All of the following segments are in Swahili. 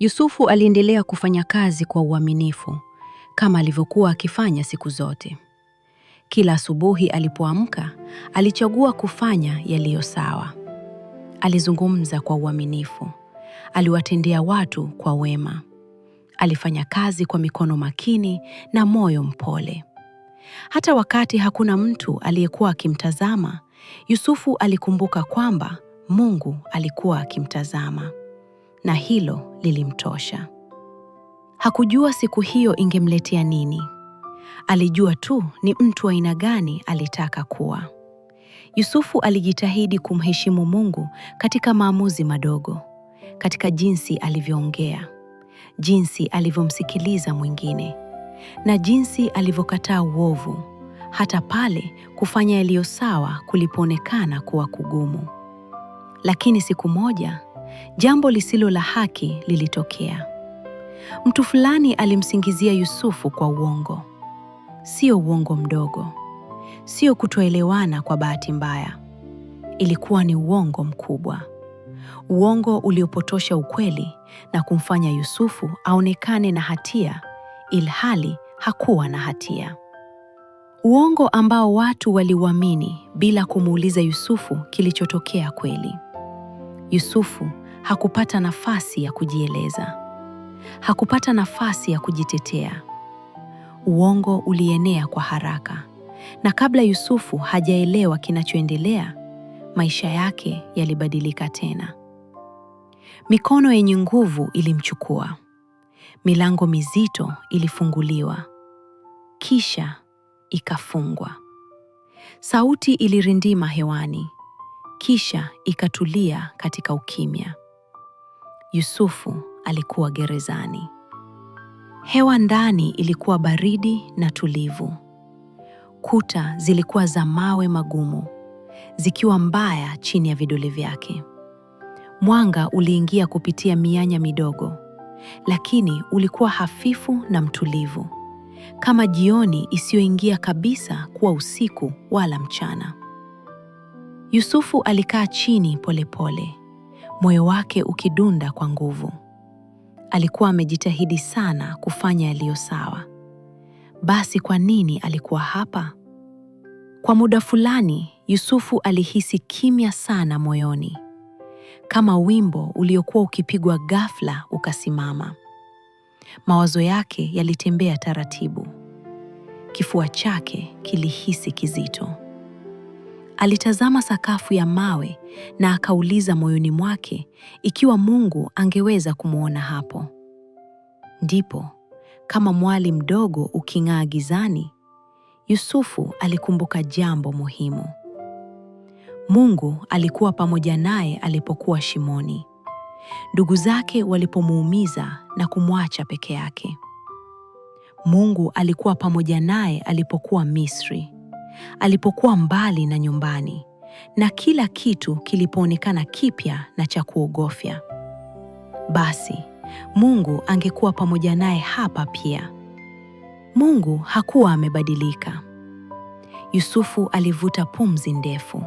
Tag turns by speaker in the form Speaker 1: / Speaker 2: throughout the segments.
Speaker 1: Yusufu aliendelea kufanya kazi kwa uaminifu kama alivyokuwa akifanya siku zote. Kila asubuhi alipoamka, alichagua kufanya yaliyo sawa. Alizungumza kwa uaminifu, aliwatendea watu kwa wema, alifanya kazi kwa mikono makini na moyo mpole. Hata wakati hakuna mtu aliyekuwa akimtazama, Yusufu alikumbuka kwamba Mungu alikuwa akimtazama na hilo lilimtosha. Hakujua siku hiyo ingemletea nini. Alijua tu ni mtu wa aina gani alitaka kuwa. Yusufu alijitahidi kumheshimu Mungu katika maamuzi madogo, katika jinsi alivyoongea, jinsi alivyomsikiliza mwingine, na jinsi alivyokataa uovu, hata pale kufanya yaliyo sawa kulipoonekana kuwa kugumu. Lakini siku moja jambo lisilo la haki lilitokea. Mtu fulani alimsingizia Yusufu kwa uongo, sio uongo mdogo, sio kutoelewana kwa bahati mbaya. Ilikuwa ni uongo mkubwa, uongo uliopotosha ukweli na kumfanya Yusufu aonekane na hatia ilhali hakuwa na hatia. Uongo ambao watu waliuamini bila kumuuliza Yusufu kilichotokea kweli. Yusufu hakupata nafasi ya kujieleza, hakupata nafasi ya kujitetea. Uongo ulienea kwa haraka, na kabla Yusufu hajaelewa kinachoendelea, maisha yake yalibadilika tena. Mikono yenye nguvu ilimchukua, milango mizito ilifunguliwa, kisha ikafungwa. Sauti ilirindima hewani, kisha ikatulia katika ukimya. Yusufu alikuwa gerezani. Hewa ndani ilikuwa baridi na tulivu. Kuta zilikuwa za mawe magumu, zikiwa mbaya chini ya vidole vyake. Mwanga uliingia kupitia mianya midogo, lakini ulikuwa hafifu na mtulivu, kama jioni isiyoingia kabisa kuwa usiku wala mchana. Yusufu alikaa chini polepole pole, moyo wake ukidunda kwa nguvu. Alikuwa amejitahidi sana kufanya yaliyo sawa. Basi kwa nini alikuwa hapa? Kwa muda fulani, Yusufu alihisi kimya sana moyoni, kama wimbo uliokuwa ukipigwa ghafla ukasimama. Mawazo yake yalitembea taratibu, kifua chake kilihisi kizito. Alitazama sakafu ya mawe na akauliza moyoni mwake ikiwa Mungu angeweza kumwona hapo. Ndipo kama mwali mdogo uking'aa gizani, Yusufu alikumbuka jambo muhimu. Mungu alikuwa pamoja naye alipokuwa shimoni, ndugu zake walipomuumiza na kumwacha peke yake. Mungu alikuwa pamoja naye alipokuwa Misri, alipokuwa mbali na nyumbani na kila kitu kilipoonekana kipya na cha kuogofya. Basi Mungu angekuwa pamoja naye hapa pia. Mungu hakuwa amebadilika. Yusufu alivuta pumzi ndefu.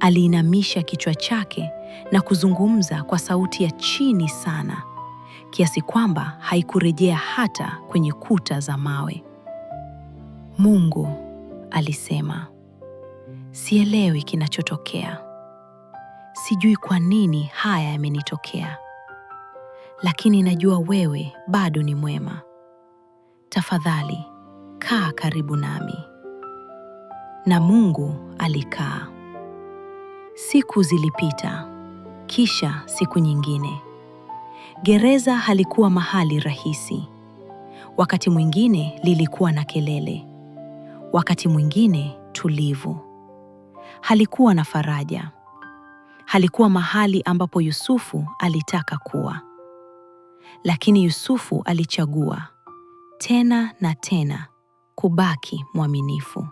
Speaker 1: Aliinamisha kichwa chake na kuzungumza kwa sauti ya chini sana, kiasi kwamba haikurejea hata kwenye kuta za mawe. Mungu alisema, sielewi kinachotokea, sijui kwa nini haya yamenitokea, lakini najua wewe bado ni mwema. Tafadhali kaa karibu nami. Na Mungu alikaa. Siku zilipita, kisha siku nyingine. Gereza halikuwa mahali rahisi. Wakati mwingine lilikuwa na kelele wakati mwingine tulivu. Halikuwa na faraja. Halikuwa mahali ambapo Yusufu alitaka kuwa. Lakini Yusufu alichagua tena na tena kubaki mwaminifu.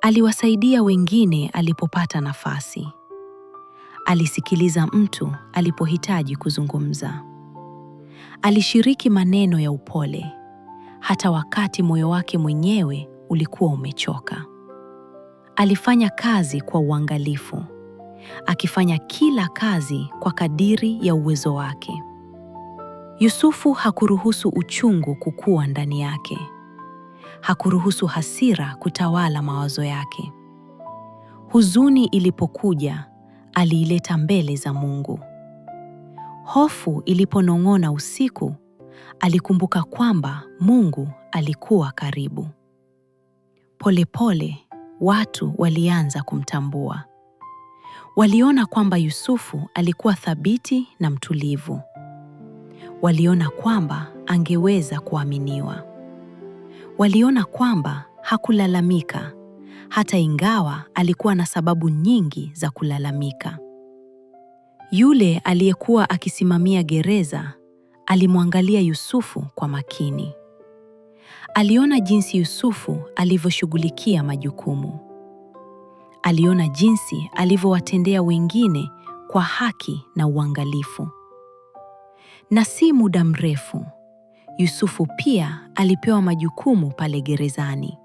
Speaker 1: Aliwasaidia wengine alipopata nafasi. Alisikiliza mtu alipohitaji kuzungumza. Alishiriki maneno ya upole hata wakati moyo wake mwenyewe ulikuwa umechoka. Alifanya kazi kwa uangalifu, akifanya kila kazi kwa kadiri ya uwezo wake. Yusufu hakuruhusu uchungu kukua ndani yake. Hakuruhusu hasira kutawala mawazo yake. Huzuni ilipokuja, aliileta mbele za Mungu. Hofu iliponong'ona usiku, alikumbuka kwamba Mungu alikuwa karibu. Polepole pole, watu walianza kumtambua. Waliona kwamba Yusufu alikuwa thabiti na mtulivu. Waliona kwamba angeweza kuaminiwa. Waliona kwamba hakulalamika hata ingawa alikuwa na sababu nyingi za kulalamika. Yule aliyekuwa akisimamia gereza alimwangalia Yusufu kwa makini. Aliona jinsi Yusufu alivyoshughulikia majukumu. Aliona jinsi alivyowatendea wengine kwa haki na uangalifu. Na si muda mrefu, Yusufu pia alipewa majukumu pale gerezani.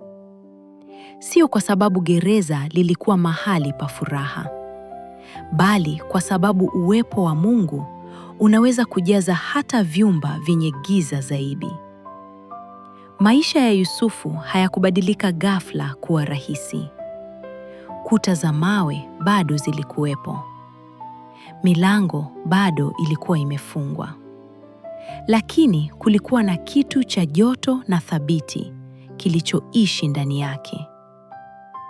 Speaker 1: Sio kwa sababu gereza lilikuwa mahali pa furaha, bali kwa sababu uwepo wa Mungu unaweza kujaza hata vyumba vyenye giza zaidi. Maisha ya Yusufu hayakubadilika ghafla kuwa rahisi. Kuta za mawe bado zilikuwepo, milango bado ilikuwa imefungwa, lakini kulikuwa na kitu cha joto na thabiti kilichoishi ndani yake: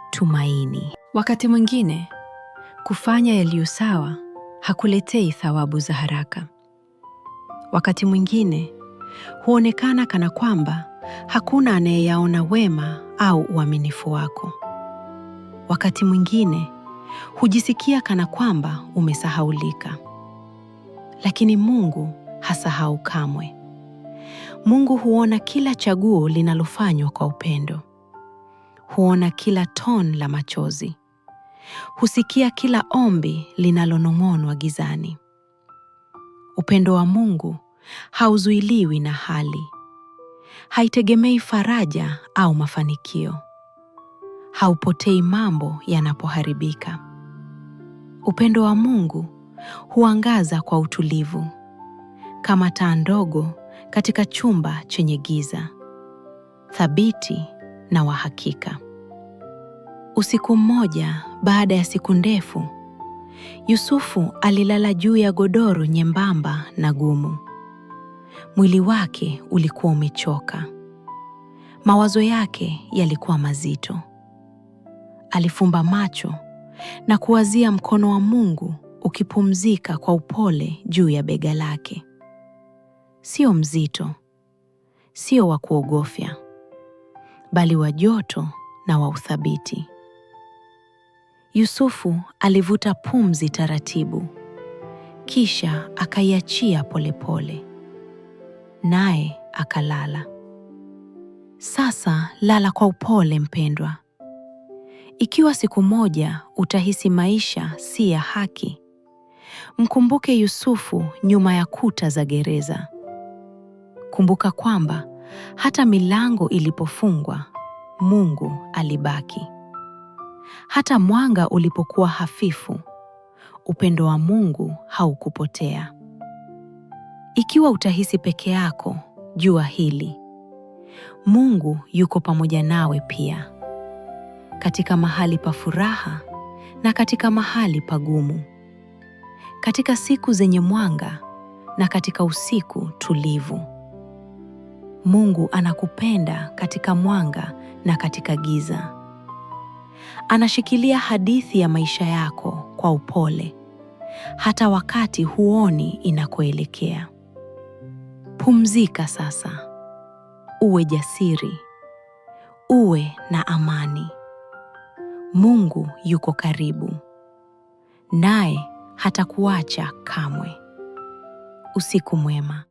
Speaker 1: tumaini.
Speaker 2: Wakati mwingine kufanya yaliyo sawa hakuletei thawabu za haraka. Wakati mwingine huonekana kana kwamba hakuna anayeyaona wema au uaminifu wako. Wakati mwingine hujisikia kana kwamba umesahaulika, lakini Mungu hasahau kamwe. Mungu huona kila chaguo linalofanywa kwa upendo, huona kila ton la machozi, husikia kila ombi linalonong'onwa gizani. Upendo wa Mungu hauzuiliwi na hali haitegemei faraja au mafanikio. Haupotei mambo yanapoharibika. Upendo wa Mungu huangaza kwa utulivu, kama taa ndogo katika chumba chenye giza, thabiti na wa hakika. Usiku mmoja baada ya siku ndefu, Yusufu alilala juu ya godoro nyembamba na gumu. Mwili wake ulikuwa umechoka. Mawazo yake yalikuwa mazito. Alifumba macho na kuwazia mkono wa Mungu ukipumzika kwa upole juu ya bega lake. Sio mzito, sio wa kuogofya, bali wa joto na wa uthabiti. Yusufu alivuta pumzi taratibu, kisha akaiachia polepole naye akalala. Sasa lala kwa upole mpendwa. Ikiwa siku moja utahisi maisha si ya haki, mkumbuke Yusufu nyuma ya kuta za gereza. Kumbuka kwamba hata milango ilipofungwa, Mungu alibaki. Hata mwanga ulipokuwa hafifu, upendo wa Mungu haukupotea. Ikiwa utahisi peke yako, jua hili: Mungu yuko pamoja nawe pia, katika mahali pa furaha na katika mahali pagumu, katika siku zenye mwanga na katika usiku tulivu. Mungu anakupenda katika mwanga na katika giza. Anashikilia hadithi ya maisha yako kwa upole, hata wakati huoni inakoelekea. Pumzika sasa, uwe jasiri, uwe na amani. Mungu yuko karibu, naye hatakuacha kamwe. Usiku mwema.